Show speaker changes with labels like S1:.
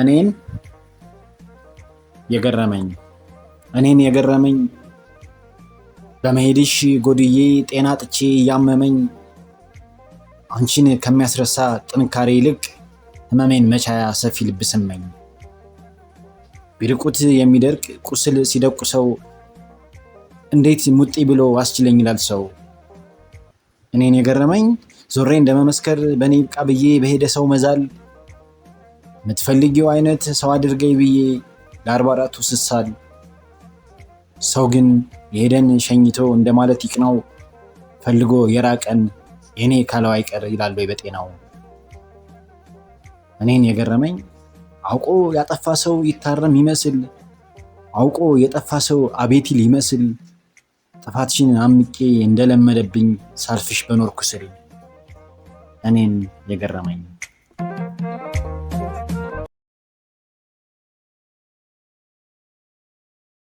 S1: እኔን የገረመኝ እኔን የገረመኝ በመሄድሽ ጎድዬ ጤና ጥቼ እያመመኝ አንቺን ከሚያስረሳ ጥንካሬ ይልቅ ህመሜን መቻያ ሰፊ ልብ ስመኝ ቢርቁት የሚደርቅ ቁስል ሲደቁ ሰው እንዴት ሙጢ ብሎ አስችለኝ ይላል ሰው። እኔን የገረመኝ ዞሬ እንደመመስከር በእኔ ይብቃ ብዬ በሄደ ሰው መዛል የምትፈልጊው አይነት ሰው አድርገኝ ብዬ ለአርባ አራቱ ስሳል ሰው ግን የሄደን ሸኝቶ እንደማለት ይቅናው ፈልጎ የራቀን የኔ ካለው አይቀር ይላል ወይ በጤናው። እኔን የገረመኝ አውቆ ያጠፋ ሰው ይታረም ይመስል አውቆ የጠፋ ሰው አቤት ይል ይመስል ጥፋትሽን አምቄ እንደለመደብኝ ሳልፍሽ በኖርኩ ስል እኔን የገረመኝ